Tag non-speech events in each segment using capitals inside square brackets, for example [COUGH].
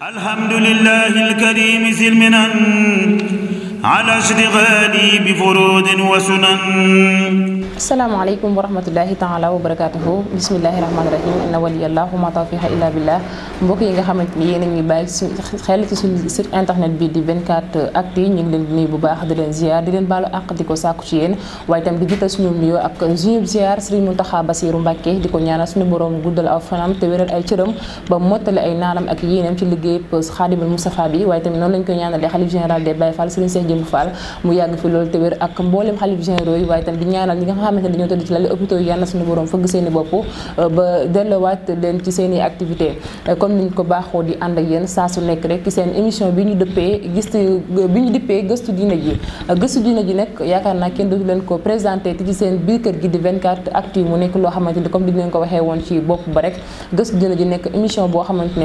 alhamdulillahi alkarim silminan ala ishtighali bi furudin wa sunan asalaamaaleykum wa rahmatullahi taala wa barakatuhu bismillahi rahmaani rahim inna waliyallahu ma tawfiqa illa billah mbokk yi nga xamante ni yéen a ñuy bàyyi su xel ci suñu internet bi di 24 actu yi ñu ngi leen di bu baax di leen ziar di leen baalu àq di ko sàkku ci yéen waaye itam di jiital suñu nuyoo ak suñu ziar Serigne Mountakha Bassirou Mbacké di ko ñaanal suñu borom guddal aw fanam te wéral ay cëram ba mottali ay naanam ak yéenam ci liggéey Xaadimul Mustafa bi waaye tamit noonu Ibou Fall mu yàgg fi loolu te ak mboolem xalif généraux yi waaye tam di ñaanal ñi nga xamante ne dañoo tëdd ci lali hôpitaux yi suñu borom fëgg seen i bopp euh, ba dellowaat leen ci seen i activité euh, comme niñ ko baaxoo di ànd ci seen émission bi ñu dëppee gëstu bi ñu dëppee gëstu diine ji euh, gëstu diine ji nag yaakaar naa kenn dootu leen ko présenté te ci seen biir kër gi di 24 actu mu nekk loo xamante comme di leen ko waxee woon ci bopp ba rek gëstu diine ji nekk émission boo xamante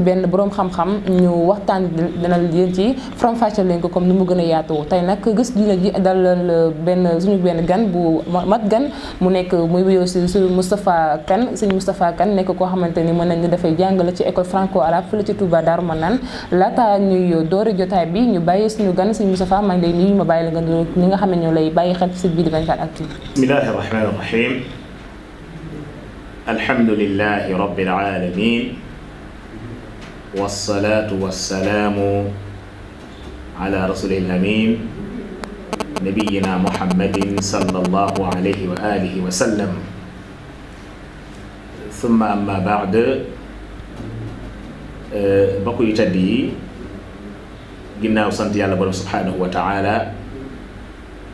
ci benn boroom xam-xam ñu waxtaan dana leen ci faram-fàcceel ko comme ni mu gën a yaatoo tey nag gis dina ji dalal benn suñu benn gan bu mat gan mu nekk muy wuyoo si su Moustapha Kane sëñ Moustapha Kane nekk koo xamante ni mën nañu dafay jàngale ci école franco arabe fële ci Touba Darou Manane laata ñuy doori jotaay bi ñu bàyyi suñu gan sëñ Moustapha maa ngi lay nuyu ma bàyyi la nga nuyu nga xam ne ñoo lay bàyyi xel ci site bi di 24actu. bismillahi rahmaani rahim alhamdulillahi والصلاة والسلام على رسوله الأمين نبينا محمد صلى الله عليه وآله وسلم ثم أما بعد mbokk yu tedd yi ginnaaw sant yàlla borom subhaanahu wa taala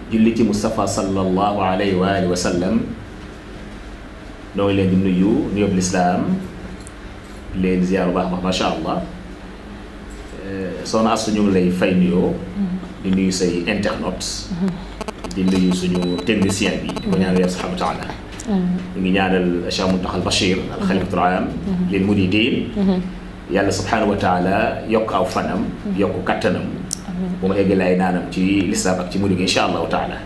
julli ci Moustapha sallallahu alayhi wa alihi wa sallam noo ngi leen di nuyu nuyób lislaam leen ziar bu baax ma macha allah eh, soxna Astou ñu ngi lay fay nuyoo. Mm-hmm. di nuyu say internautes. Mm-hmm. di nuyu suñu technicien bi. di ko mm-hmm. ñaanal yàlla subhanahu wa taala. ñu ngi ñaanal Cheikh Mountakha Bachir al xalifatul aam lil muridin yàlla subhanahu wa taala yokk aw fanam. yokk kattanam. bu ma egg laay naanam ci lislaam ak ci murid gi incha allahu taala.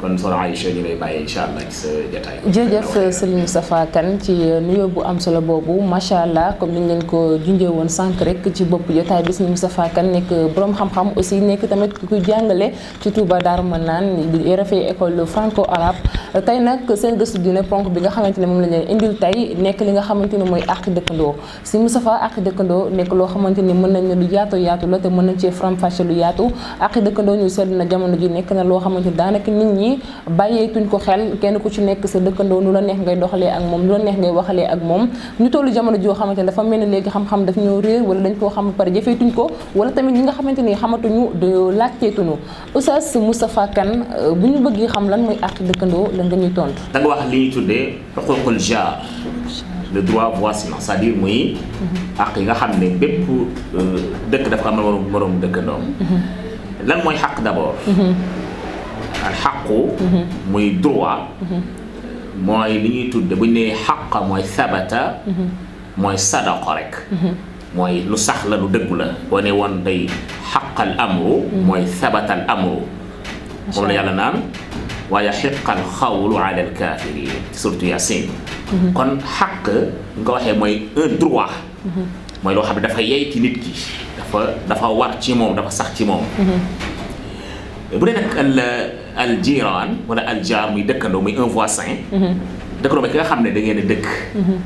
kon soxna Aïcha ñu lay bàyyi incha ci sa jotaay. jërëjëf sëriñ ci nuyoo bu am solo boobu macha allah comme niñ leen ko junjee woon sànq rek ci bopp jotaay bi sëriñ Moustapha kan nekk borom xam-xam aussi nekk tamit ku jàngale ci Touba Darou Manane di rafet école franco arabe. tey nag seen gëstu dina ponk bi nga xamante ne moom la leen indil tey nekk li nga xamante ne mooy àq dëkkandoo sëriñ Moustapha àq dëkkandoo nekk loo xamante ni mën nañ ne lu yaatu yaatu la te mën nañ cee faram-fàcce lu yaatu àq dëkkandoo ñu seetlu na jamono ji nekk na loo xamante ni daanaka nekk nit ñi bàyyeetuñ ko xel kenn ku ci nekk sa dëkkandoo nu la neex ngay doxalee ak moom nu la neex ngay waxalee ak moom ñu tollu jamono joo xamante dafa mel ne léegi xam-xam daf ñoo réer wala dañ koo xam ba pare jëfeetuñ ko wala tamit ñi nga xamante ni xamatuñu de laajteetuñu Oustaz Moustapha Kane euh, bu ñu bëggee xam lan mooy àq dëkkandoo lan nga tontu. da nga wax li ñuy tuddee xuququl jaar le droit voisin c'est-à-dire muy àq yi xam ne bépp euh, dëkk dafa am moroom moroom dëkkandoom mm-hmm. lan mooy xaq d'abord mm-hmm. al xaqu muy droit mooy li ñuy tudde bu ñu nee xaqa mooy sabata mooy sadaqa rek mooy lu sax la lu dëggu la boo ne woon day xaqal amru mooy sabatal amru moom la yàlla naan waaye xiqal xawlu ala al kaafiriin surtout Yaasin kon xaq nga waxee mooy un droit mooy loo xam ne dafa yey ci nit ki dafa dafa war ci moom dafa sax ci moom mhm. bu dee nag aljiran wala aljar muy dëkkandoo muy un voisin mhm. dëkkandoo mooy ki nga xam ne da ngeen dëkk mhm.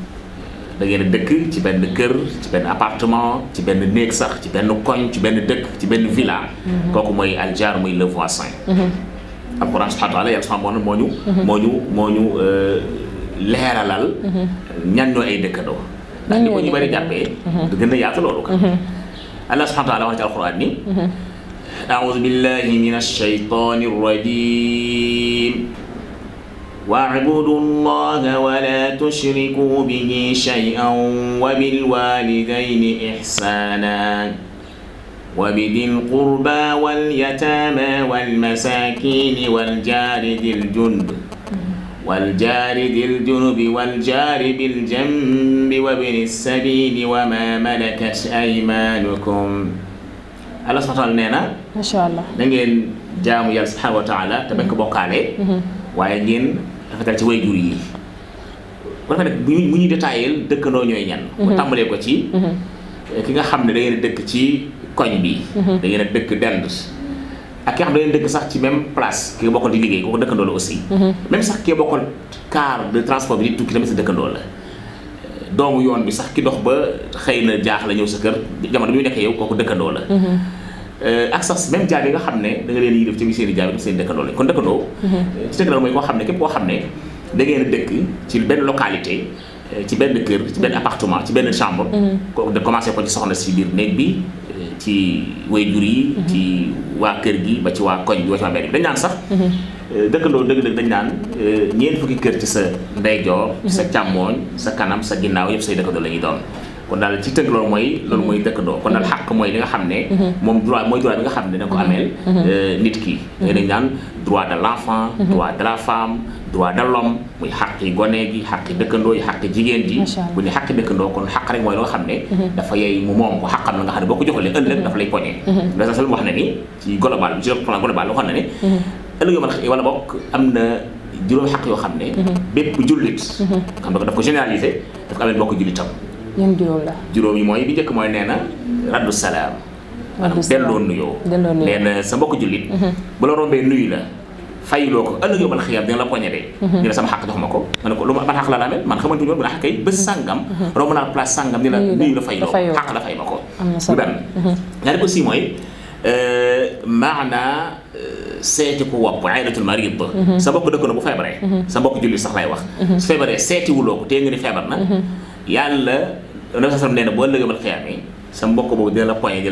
da ngeen dëkk ci benn kër ci benn appartement ci benn néeg sax ci benn koñ ci benn dëkk ci benn villa mhm. kooku mooy aljar muy le voisin alquran subhanahu wa taala yàlla sama moon moo ñu moo ñu moo euh, ñu leeralal ñan ñoo ay dëkkandoo ndax li ko ñu bëri jàppee gën a yaatu loolu kan allah subhanahu wa taala wax ci alquran ni أعوذ بالله من الشيطان الرجيم واعبدوا الله ولا تشركوا به شيئا وبالوالدين إحسانا وبذي القربى واليتامى والمساكين والجار ذي الجند والجار ذي الجنب والجار بالجنب وابن السبيل وما ملكت أيمانكم ۖ allah subhaana taala nee na macha allah da ngeen jaamu yàlla subhaana wa taala te bañ ko mm-hmm. bokkaale mm-hmm. waaye ngeen rafetal ci way jur yi bu defee nag bu ñu bu dëkkandoo ñooy ñan bu mm-hmm. tàmbalee ko ci ki nga xam ne da ngeen dëkk ci koñ bi da ngeen dëkk dend ak ki nga xam ne da dëkk sax ci même place ki nga bokkal di liggéey kooku dëkkandoo la aussi même sax ki nga bokkal car de transport sa dëkkandoo la doomu yoon bi sax ki dox ba xëy na jaax la ñëw sa kër jamono bi mu nekk yow kooku dëkkandoo la Euh, ak sax même jaag yi nga xam ne da nga leen yi def ci seen i jaag def seen dëkkandoo lañ kon dëkkandoo mhm. ci dëkkandoo mooy xam ne képp koo xam ne da dëkk ci benn localité euh, ci benn kër ci benn appartement ci benn chambre mhm. ko commencé ko ci soxna si biir néeg bi euh, ci waajur yi mhm. ci waa kër gi ba ci waa koñ bi ba ci dañ naan sax dëkkandoo dëgg dañ naan ñeent fukki kër ci sa ndeyjoor sa càmmooñ sa kanam sa ginnaaw yëpp say dëkkandoo la ñuy doon kon daal ci tënk loolu mooy loolu mooy dëkkandoo kon daal mm-hmm. xàq mooy li nga xam ne mm-hmm. moom droit mooy droit bi ko mm-hmm. ameel euh, nit ki nga dañ naan droit de la femme droit de l'homme muy xaqi gone gi xaqi dëkkandoo yi xaqi jigéen ji bu ñu xaqi dëkkandoo kon xaq rek mooy la nga xam ne dafa yey mu moom ko xaqam la nga xam ne boo ko joxalee ëllëg dafa lay poñee dasa sal wax na ni ci global bi ci plan global wax na ne ëllëg yo mën xaq yoo xam ne bépp jullit xam ne daf ko généraliser daf ko amee bokk yan juróom la. yi mooy bi njëkk mooy nee na raddu salaam. raddu salaam delloo nuyoo. delloo nuyoo nee na sa mbokku jullit. Mhm. bu la rombee nuyu la. fayiloo ko ëllëg yow man xiyam dina la poñetee mhm. ñu ne sama xaq jox ma ko ma ne ko lu ma ban xaq la la amee man xamante ñoon bu na xaq yi mhm. bés sàngam romb naa place ko bu mooy euh, maana euh, seeti ku wopp aynatul marid sa mbokk dëkk na bu feebaree sa mbokk julli sax lay wax su feebaree seetiwuloo ko tee nga ni feebar na yàlla loolu sa sor nee na boo ëllëgee boobu dina la poñe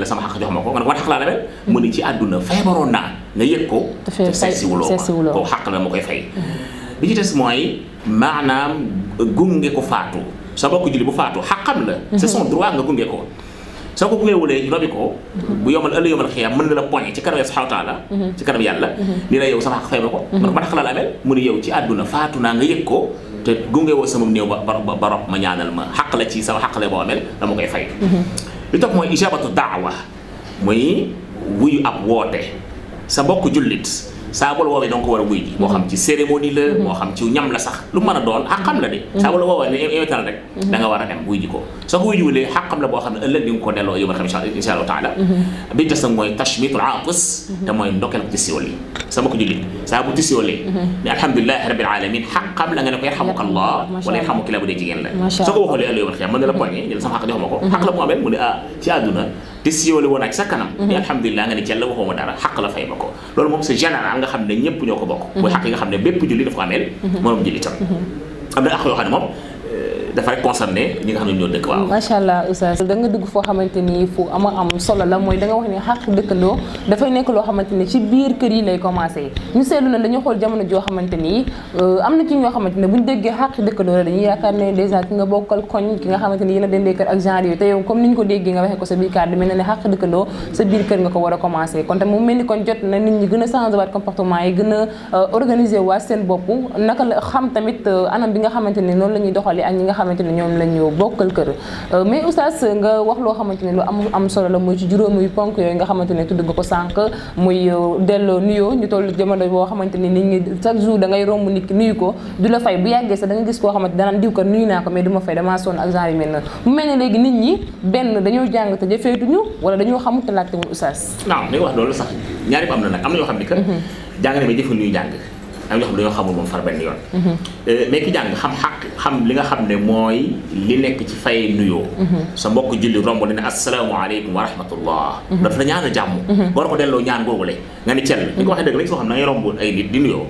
ma ko nga ne ko war xaq laa la mel mm-hmm. mu ni ci àdduna feebaroon naa nga ko te seesiwuloo ko ko la ma koy fay mm-hmm. bi ci sa mbokk julli bu faatu xaqam la mm-hmm. c'est son droit nga gunge ko soo ko gungeewulee robi ko bu yomal ëllëg yomal xiyaam mën na la poñe ci kanam yàlla subhanahu wa taala ci kanam yàlla ni sama xaq fay ma ko nga ne ko war xaq laa la mu ni yow ci àdduna faatu naa nga yëg ko te gunge woo sama néew ba ba ba rob ma ñaanal ma xaq la ci sama xaq la boo amee dama koy fay. Mm-hmm. li topp mooy ijaabatu daawa muy wuyu ab woote sa bokk jullit. saa bu la woowee danga ko war a wuy ji moo xam ci cérémonie la mhm. moo xam ci ñam la sax lu mën a doon xaqam la de mhm. saa bu la woowee ne invité rek mhm. da nga war a dem wuy ji ko soo ko wuy ji wulee xaqam la boo xam ne ëllëg di nga ko delloo yóbbu xam insha allahu taala bi des nag mooy tashmitul aatis te mooy ndokkeel ko ci siwal yi sama ko jullit saa bu ci siwalee ne alhamdulilahi rabbil alamin xaqam la nga ne ko yarhamukallah wala yarhamuki la bu dee jigéen la soo ko waxoolee ëllëg yóbbu xam mën na la poñe jël sama xaq jox ma ko xaq la mu amee mu ne ah ci àdduna te siiwale woon a sa kanam ni mhm. alhamdulilah nga ne jàll waxuma dara xaq la fay ma ko loolu moom c'est général nga xam ne ñëpp ñoo ko bokk mhm. mooy xaq nga xam ne bépp julli dafa ko ameel moroom mhm. julli am na ak yoo xam moom dafay concerné ñi nga xam ne ñoo dëkk waaw. macha allah oustaz dugg foo xamante ni fu ama am solo la mooy da nga wax ne xàq dëkkandoo dafay nekk loo xamante ni ci biir kër yi lay commencé ñu seetlu na dañu xool jamono joo xamante ni euh, am na ci ñoo xamante ne bu ñu déggee xàq dëkkandoo a dendee kër ak ko déggee nga waxee ko sa biir kàddu mel na ne xàq dëkkandoo sa biir kër nga ko war a commencé kon tamit a changer a euh, organiser waat seen bopp la xam euh, anam bi nga xamante ni noonu la ñuy ak ñi nga xamante ne ñoom la ñu bokkal kër euh, mais oustaz nga wax loo xamante ne lu am am solo la muy ci juróomi ponk yooyu nga xamante ne tudd nga ko sànq muy euh, delloo nuyoo ñu toll jamono boo xamante ni nit ñi chaque jour ngay romb nit nuyu ko ko nuyu naa ko mais du ma fay damaa sonn ak genre yu mel na mu mel ne léegi nit ñi benn dañoo jàng te jëfeetuñu wala dañoo xamut te laajte wuñ oustaz waaw li nga wax loolu sax ñaari ko am na nag am na yoo xam ni que mhm. jàng na ba jëfa nuyu jàng am ñoo xam dañoo xamul moom far benn yoon. Mhm. Euh, mais ki jàng xam xaq xam li nga xam ne mooy li nekk ci fay nuyoo. Mhm. sa mbokk julli romb na ne asalaamaaleykum wa rahmatullah. Mhm. dafa la ñaan a jàmm. war ko delloo ñaan googu le nga ni cell. ni ko waxee dëgg rek soo xam ne da ngay romb ay nit di nuyoo.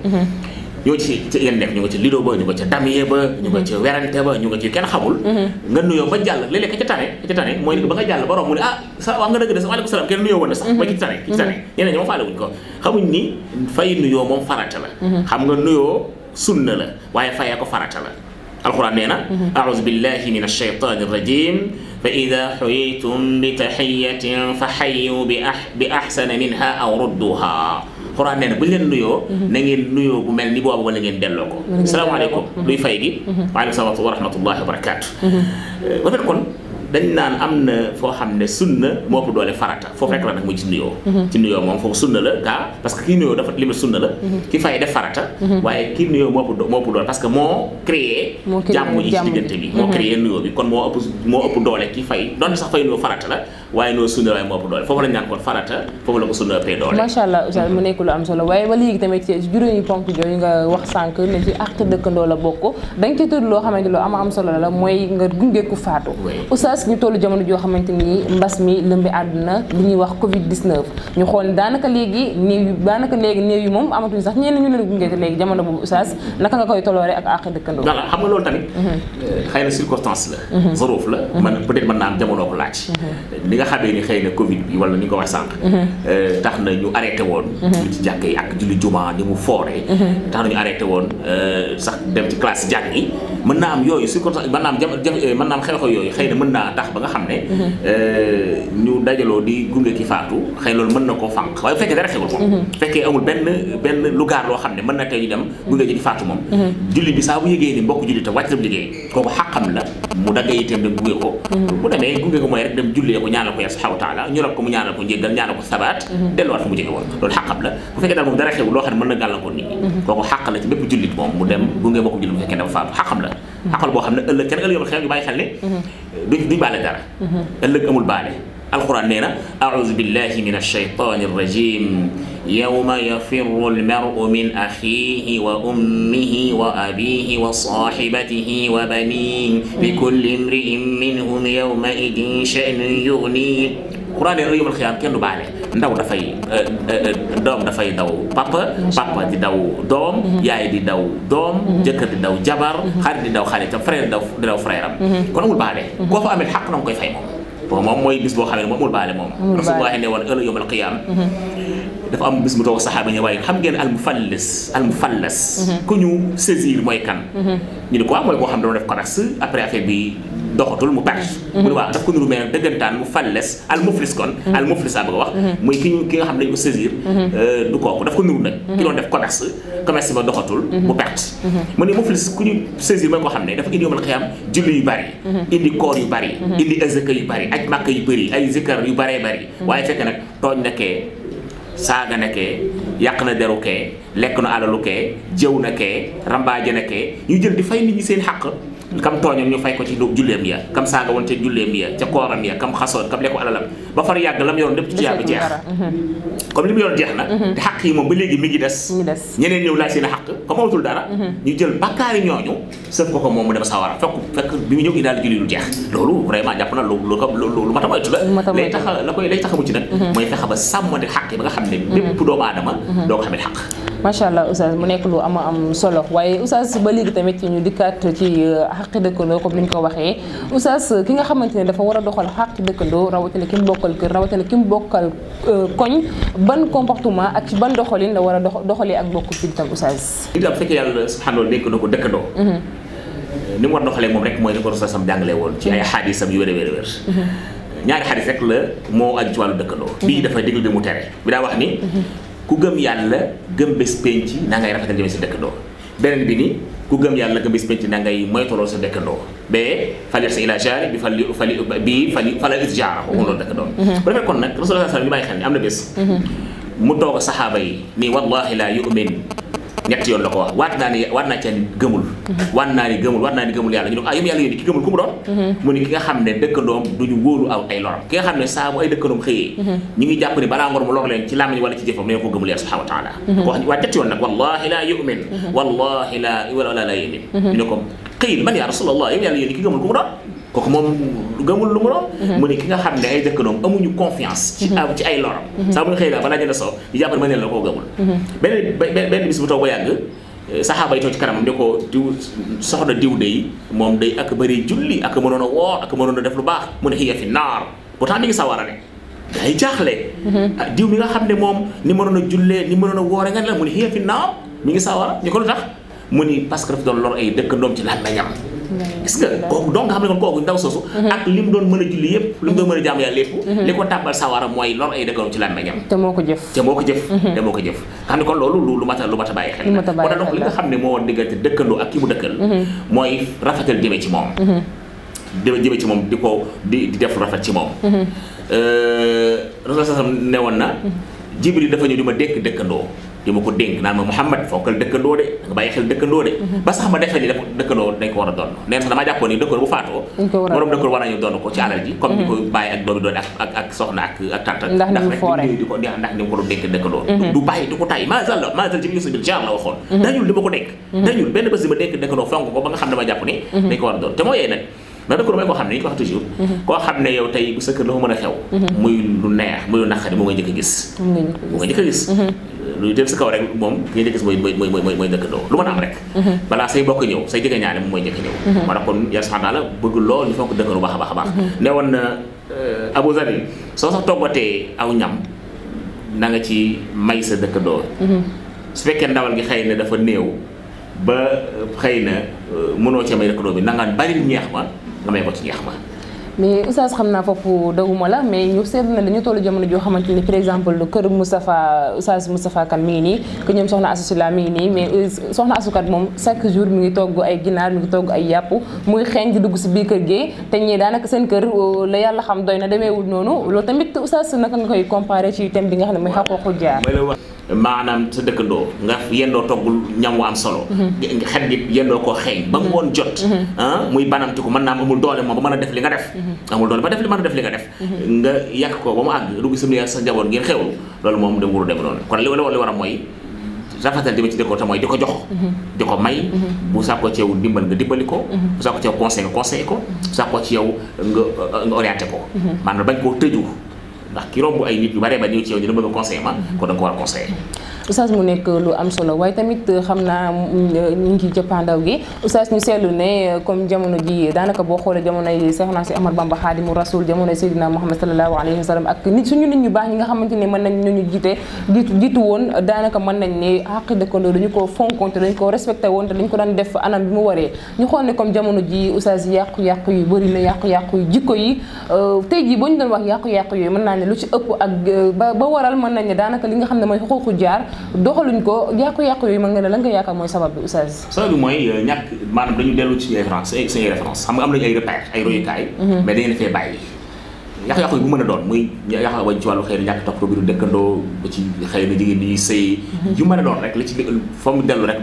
ñu ngi ci ci yenn nekk ñu ngi ci lido ba ñu ngi ci damier ba ñu ngi ci mm-hmm. werante ba ñu ngi ci kenn xamul mm-hmm. nga nuyoo ba jàll léeg-léeg ka ca tane ka ca tane mooy ba nga jàll ba romb mu ne a ah, sa wax nga dëgg de sa waaleykum salaam kenn nuyoo woon na sax mm-hmm. ba ki ci tane ki ci tane ñeneen ñi moom faale wuñ ko xamuñ ni fay nuyoo moom farata la xam nga nuyoo sunna la waaye ko farata la alquran nee na aouzu billahi min alshaytani rajim fa ida xuyitum bi taxiyatin fa xayu bi axsana ah, minha aw rudduha Quran nee na bu ñu leen nuyoo mhm. na ngeen nuyoo bu mel ni boobu wala ngeen delloo ko salaamaaleykum mhm. luy fay gi mhm. waaleykum salaam wa eh, la waaye kii nuyoo moo ko doole parce moo créé jàmm yi ci moo créé nuyoo bi kon moo ëpp doole ki fay doon sax fay nuyoo farata la waaye noonu sunna waaye moo ëpp doole foofu lañ naan kon solo waaye ba léegi tamit ci juróomi ponk jooyu nga wax sànq ne ci àq la bokk da nga ci tudd loo xamante am am solo la mooy nga gunge ku faatu oustaz ñu tollu jamono joo xamante ni mbas mi lëmbi àdduna li ñuy wax covid 19 ñu xool daanaka léegi néew yu daanaka léegi néew yu moom amatuñu sax ñenn ñu leen gunge léegi jamono boobu oustaz naka nga koy toloore ak àq dëkkandoo voilà xam nga loolu tamit mhm. euh, xëy na circonstance la mhm. zaroof la mhm. man peut-être mën naa am jamono ko laaj nga xamee ni xëy na Covid bi wala ni nga ko wax sànq. Mhm. Euh, tax na ñu arrêté woon. ñu mhm. ci jàkk yi ak julli juma ni mu fooree. Mhm. tax na ñu arrêté woon euh, sax dem ci classe jàng yi mën naa am yooyu circonstance mën naa naa am xew-xew yooyu xëy na mën naa tax ba nga xam ne. Euh, ñu dajaloo di gunge ki faatu xëy loolu mën na koo fànq waaye bu fekkee dara xewul moom. bu fekkee amul benn benn lu gaar loo xam ne mën na tey ñu dem gunge ji ki faatu moom. julli bi saa bu yëgee ni mbokk julli tam wàcc na bu ñaanal ko yàlla subhanahu wa taala ñu rab ko mu ñaanal ko njéggal ñaanal ko sabaat mhm. delluwaat fa mu jóge woon loolu xàqam la bu fekkee daal moom dara xew loo xam ne mën na gàllankoor nit ñi mhm. kooku xàq la ci bépp jullit moom mu dem gunge mbokkum jullit bu fekkee dafa faatu xàqam la mhm. xàqal boo xam ne ëllëg kenn ëllëg yow xew yu bàyyi xel ne duñ duñ baale dara ëllëg amul baale alquran nee na audu billahi min alcheytani arrajim yowma yafiru almaru min axihi wa ummihi wa abihi wa sahibatihi wa banih likulli imriin minhum yowma idin shanun yugni quran nee na yowmal xiyaam kenn du baale ndaw dafay eh, eh, eh, doom dafay daw papa papa di daw doom mhm. yaay di daw doom mhm. jëkkër di daw jabar mhm. xarit di daw xaritam frère di daw frère am kon amul baale koo fa amee xaq na nga koy fay moom bon moom mooy bis boo xam ne moom amul baale moom rasulullah ne woon ëllëg yawmal qiyaam dafa am bis mu toog saxaaba ñi waaye xam ngeen almufallis almufallas mhm. ku ñu saisir mooy kan mhm. ñu ne quoi mooy koo xam ne doon def commerce après affaire mu perte mhm. mu ne kon al muflis a bëgg a wax muy ki ñu ki nga xam euh, du kooku daf ko nuru nag ki doon def commerce commerce ba doxatul mu mhm. perte mu mhm. ne muflis ku ñu saisir mooy ko xam ne dafa indi yomal xiyaam julli yu bari mhm. indi koor yu bari indi azaka yu bari aj màkk yu bëri ay zikar yu bare bari waaye fekk nag tooñ na kee saaga na kee yàq na deru kee lekk na alalu kee jëw na kee rambaaje na kee ñu jël di fay nit ñi seen xàq kam tooñoon ñu fay ko ci julleem ya kam saaga woon ca julleem ya ca kooram ya kam xasoon kam lekku alalam ba far yàgg lam yoroon lépp ci tuyaaba jeex mm-hmm. comme li mu yoroon jeex na mm-hmm. te xaq yi moom ba léegi mi ngi des ñeneen ñëw laaj seen xaq comme amatul dara mm-hmm. ñu jël bakkaari ñooñu sëf ko ko moom mu dem sawara fekk fekk bi mu ñëw indaal julli a moytu a xaq dëkkandoo comme ni ñu ko waxee oustaz ki nga xamante ne dafa war a doxal xaqi dëkkandoo rawatina ki bokk bokkal kër rawatina ki mu bokkal euh, koñ ban comportement ak ci ban doxalin la war a dox doxalee ak mbokku fii tam oustaz. nit am fekkee yàlla subhanallah nekk na ko dëkkandoo. Mhm. Euh, ni mu war doxalee moom rek mooy ni ko rasul sam jàngalee woon ci ay mhm. xaadisam yu wér a wér a wér ñaari xadis rek la moo aju ci dëkkandoo mhm. bii dafay digle bi mu tere bi daa wax ni ku gëm yàlla gëm bés penc na ngay rafetal jëmee si dëkkandoo beneen bi ni ku gëm yàlla nga bis pénc na ngay moytuloo sa dëkkandoo ba falir sa ila jaari bi fali fali bi fali falal jaara waxu loolu dëkkandoo mhm. bu defee kon nag rasulullah sallallahu alayhi mu toog saxaaba yi nii wallahi laa yu'min ñett yoon la ko wax waat naa ni waat naa ci gëmul mm-hmm. waat naa ni gëmul waat naa ni gëmul yàlla ñu ne ko ah yow yàlla yónni ki gëmul ku mu doon mm-hmm. mu ni ki nga xam ne dëkkandoom duñu wóolu aw ay loram ki nga xam ne saa bu ay dëkkandoom xëyee mm-hmm. ñu ngi jàpp ni balaa ngor mu lor leen ci làmmiñ wala ci jëfam ne ko gëmul yàlla yoon yaa rasulallah yow yàlla ki gëmul ku mu doon kooku moom gëmul lu mu doon. Mhm. mu ne ki nga xam ne ay dëkkandoom amuñu confiance. ci mhm. ci ay loram. Mhm. saa mu ne xëy na balaa a soob ñu jàppale ma ne la koo gëmul. benn benn bis bu toog ba yàgg. Eh, saxaaba yi toog ci kanamam ne ko diw soxna diw day moom day ak bëri julli ak mënoon a a def lu baax mu ah, nga xam ne moom ni mënoon a jullee ni mënoon a woore nga ne la mu ne hiya fi naar mi ngi sawara ñu ko lu tax mu ni parce que dafa doon lor ay dëkkandoom ci làmmiñam gis nga kooku donc nga xam ne kon kooku ndaw soosu mhm. ak li mu doon mën a julli yépp li mu doon mhm. mën a jaamu yàlla lépp mhm. li ko tàbbal sawara mooy lor ay dëgëram ci làmmiñam te moo ko jëf te loolu lu mat a lu mat a bàyyi xel la li nga xam ne moo diggante dëkkandoo ak ki mu dëkkal mooy rafetal jëme ci moom dama jëme ci moom di ko di di rafet ci moom euh, Rasul sallam ne woon na Jibril dafa ñëw di ma dékk dëkkandoo di ma ko dénk naan ma Mouhamed fonkal dëkkandoo de nga bàyyi xel dëkkandoo de mm-hmm. ba sax ma defee ni def ko war dëkkandoo fonk ko ba nga xam ne ma jàpp ni mm-hmm. dañ ko war a doon te moo yee nag ndax dëkk du mooy koo xam ne ñu ko wax toujours mhm. koo xam ne yow tey bu sa kër la fa mën a xew mhm. muy lu neex muy lu naqari moo nga njëkk a gis moo nga njëkk a gis lu dem sa kaw rek moom ki nga njëkk a gis mooy mooy mooy mooy lu mën a am rek mhm. balaa say bokk ñëw say jege ñaane moom mooy njëkk a ñëw moo tax kon yàlla subhanahu taala bëgg lool ñu fonk dëkkandoo baax a baax a baax ne woon na euh, Abu Zari soo sax toggatee aw ñam na nga ci may sa dëkkandoo su fekkee ndawal gi xëy na dafa néew ba xëy na euh, mënoo ca may dëkkandoo bi na nga bari ñeex ba lu may bokk ci ñax ma. mais oustaz xam naa foofu daguma la mais ñu seetlu na dañu tollu jamono joo xamante ni par exemple kër Moustapha oustaz Moustapha Kane mi ngi nii que ñoom soxna asusila mi nii mais euh, soxna asukat moom chaque jour mi ngi togg ay ginaar mi ngi togg ay yàpp muy xeeñ di dugg si biir kër gi te ñee daanaka seen kër euh, la yàlla xam doy na demee demeewul noonu loolu tamit oustaz naka nga koy comparé ci thème bi nga xam ne mooy xaqooqu jaar maanaam sa dëkkandoo nga yendoo toggul ñam wu am solo mm-hmm. xet gi yendoo koo xeeñ ba mm-hmm. ngoon jot mm-hmm. ah, muy banamti ko mën naa am amul doole moom ba a def li nga def amul doole a def li nga ko ba mu àgg dugg sam li sa njaboot ngeen xewlu loolu moom de wuru dem noonu kon li wala li war a mooy rafetal di ci dëkkoo te mooy di ko jox di ko may bu sàkkoo ci yow dimbal nga dimbali ko bu sàkkoo ci yow conseil nga conseil ko bu ci yow nga nga orienté ko maanaam bañ koo tëju ndax ki romb ay nit yu bare ba ñëw ci yow dina bëgg a conseiller ma kon da nga ko war a conseiller oustaz mu nekk lu am solo waaye tamit euh, xam naa euh, ñu ngi jëppandaw gi oustaz ñu seetlu ne euh, comme jamono ji daanaka boo xoolee jamono yi jamonoy Seexna si Ahmad Bamba Xaadimu Rasul jamonoy Seydina Muhammad sallallahu alayhi wa sallam ak nit suñu nit ñu baax ñi nga xamante ne mën nañ ñu jiite jiitu woon daanaka mën nañ ne àq dëkkandoo dañu ko fonkoon ko respecté woon te dañ ko daan def anam bi mu waree ñu xool ne comme jamono ji oustaz yàqu-yàqu yu bëri la yàqu-yàqu yu jikko yi tey jii boo ñu doon wax yàqu-yàqu yooyu mën naa ne lu ci ëpp ak ba waral mën nañ ne daanaka li nga xam ne mooy xuquuqu jaar doxaluñ ko yàqu-yàqu yooyu ma nga ne lan nga yaakaar mooy sabab bi oustaz sabab bi mooy euh, ñàkk maanaam dañu dellu ci référence suñuy référence xam nga am nañu ay repère mhm. a doon muy yàqu mhm. a doon la ci fa mu dellu rek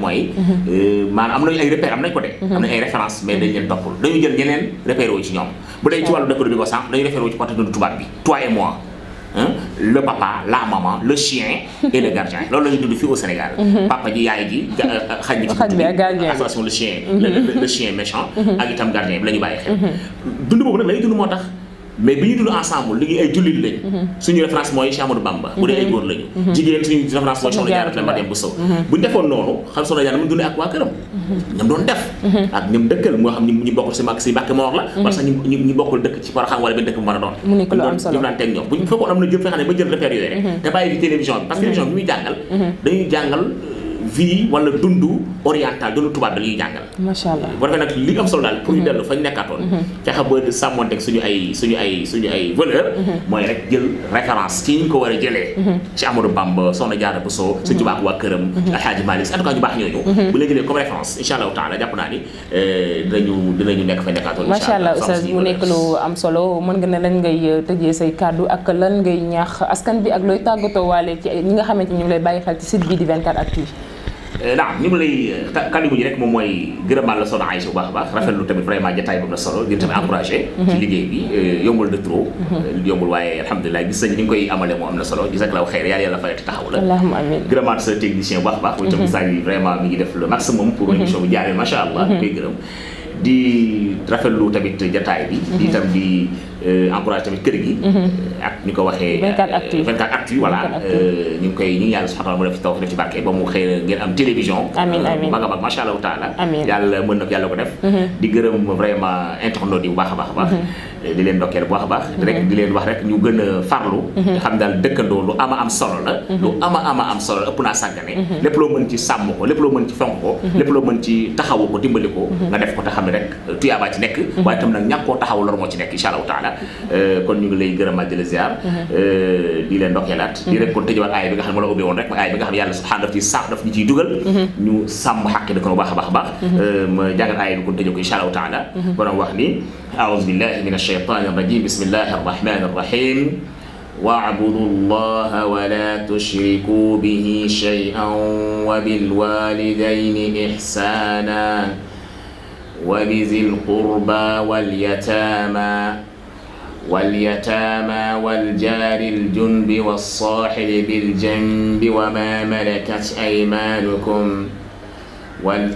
am nañ ko de am nañu ay mhm. référence mais dañ leen toppul dañu jël ñeneen repère ci ñoom bu dee ci wàllu dëkkandoo bi ko sànq dañu référé ci le papa la maman le chien et le gardien [LAUGHS] loolu la ñuy dund fii au Sénégal. Mhm. papa ji yaay ji euh, euh, xaj bi ci bi association le chien. Mhm. le chien méchant. Mhm. ak itam gardien bi la ñu bàyyi xel. dund boobu nag lay dund moo tax. mais bi ñu dund ensemble liggéey ay jullit lañ suñu référence mooy Cheikh Amadou Bamba bu dee ay góor lañu jigéen suñu référence mooy Soxna Jaara la dundee ak waa këram ñam doon def ak ñam dëkkal moo xam ñu bokkul si mag si la wala sax ñu ñu bokkul dëkk ci Porokhane wala benn dëkk bu mën a doon mu nekk lu teg ñoom bu ñu fekkoon am na jëm fi xam ne ba jël repère yooyu mhm. te bàyyi bi télévision bi parce télévision bi muy jàngal dañuy jàngal vie wala dundu oriental dundu tubaab bi la ñuy jàngal. macha allah bu defee nag li am solo daal pour ñu mhm. dellu fa ñu nekkaatoon. Mhm. fexe ba sàmmonteeg suñu ay suñu ay suñu ay valeur mhm. mooy rek jël référence ci ñu ko war a jëlee. ci Amadou Bamba Soxna Diarra Bousso. suñu tubaab waa këram. Alxaaji Maalik en tout cas ñu baax ñooñu. bu la jëlee comme référence incha allah taala jàpp naa ni euh, dinañu dinañu nekk fa nekkaatoon. macha allah oustaz mu nekk lu am solo mën nga ne lan ngay euh, tëjee say kàddu ak lan ngay ñaax askan bi ak looy tàggatoo waale ci ñi nga xamante ñu ngi lay bàyyi xel ci site Euh, naam ñu ngi lay euh, kàddu gi rek moom mooy gërëmaal la soxna Aïcha bu baax a baax rafetlu tamit vraiment jotaay boobu la solo di tamit encouragé mhm. ci liggéey bi euh, yombul de trop mhm. yombul waaye alhamdulilah gis nañu amale moo am na solo gisakalaaw xëy yàlla yàlla fayati taxaw la allahumma amiin gërëmaat sa technicien bu baax a baax mooy tamit mhm. saa yi vraiment mi ngi bi jaaree macha di rafetlu tamit bi di tam Euh, encourage tamit kër gi. Mhm. Euh, ak ñu ko waxee. 24 actu 24 actu voilà. Euh, ñu ngi koy ñu yàlla subhanahu wa taala def ci barke ba mu xëy na ngeen am télévision. amiin amiin mag a mag macha allah taala. amiin yàlla mën na yàlla ko def. Mhm. di gërëm vraiment internaute yi bu baax a baax a baax. Mhm. di leen ndokkeel bu baax a baax. rek di leen wax rek ñu gën a farlu. xam daal dëkkandoo lu ama am solo la. lu ama ama am solo la ëpp naa sàggane. lépp loo mën ci sàmm ko lépp loo mën ci fonk ko. lépp loo mën ci voilà euh, kon ñu ngi lay gërëmaat di la ziar uh-huh. euh, di leen ndokkeelaat di rek kon tëjëwaat aay bi nga xam ne moo la ubbee woon rek aay bi nga xam ne yàlla subhaanahu daf ci saaf daf ñu ciy dugal uh-huh. ñu sàmm xàq di ko baax a baax a baax uh-huh. euh, ma jàngal aay bi kon tëjee ko insha allahu taala borom wax ni aoudu billahi min alshaytani arrajim bismillahi arrahmani arrahim واعبدوا الله ولا تشركوا به شيئا وبالوالدين إحسانا وبذي القربى واليتامى واليتامى والجار الجنب والصاحب بالجنب وما ملكت أيمانكم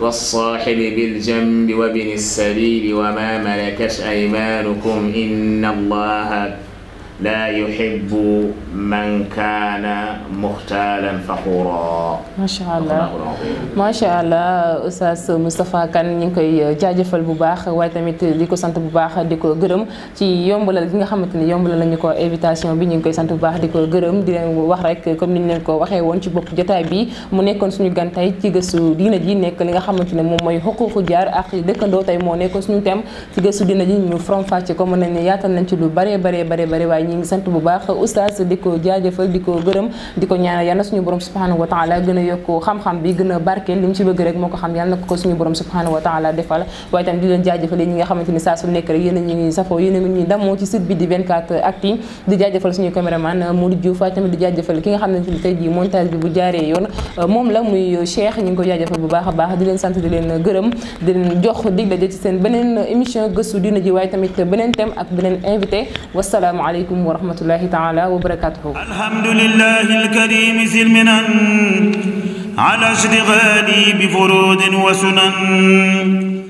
والصاحب بالجنب وابن السبيل وما ملكت أيمانكم إن الله laa yuhibbu man kaana muxtaalan faxuura. macha allah macha allah Oustaz Moustapha Kane ñu ngi koy jaajafal bu baax waaye tamit di ko sant bu baax di ko gërëm ci yombalal gi nga xamante ni yombalal lañu ko invitation bi ñu ngi koy sant bu baax di ko gërëm di leen wax rek comme ni ñu leen ko waxee woon ci bopp jotaay bi mu nekkoon suñu gan tey ci gëstu diina ji nekk li nga xamante ne moom mooy xuquuqu jaar ak dëkkandoo tey moo nekkoon suñu thème ci gëstu diina ji ñu faram-fàcce ko mën nañu yaatal nañ ci lu baree baree baree ñi ngi sant bu baax oustaz di ko jaajëfal di ko gërëm di ko ñaanal yal na suñu borom subhanahu wa taala gën a yokk xam-xam bi gën a barkeel li mu ci bëgg rek moo ko xam yal na ko suñu borom subhanahu wa defal waaye tam di leen jaajëfal ñi a ñu ngi safoo yéen a ngi ñuy damoo ci site suñu caméraman Modou montage bi bu jaaree yoon moom la muy Cheikh ñu ngi ko jaajëfal bu baax a baax di leen sant di leen gërëm di leen jox dig daje ci seen beneen émission aleykum wa rahmatullahi taala wa barakatuhu alhamdulillahi alkarimi silminan ala ishtighali bi furudin wa sunan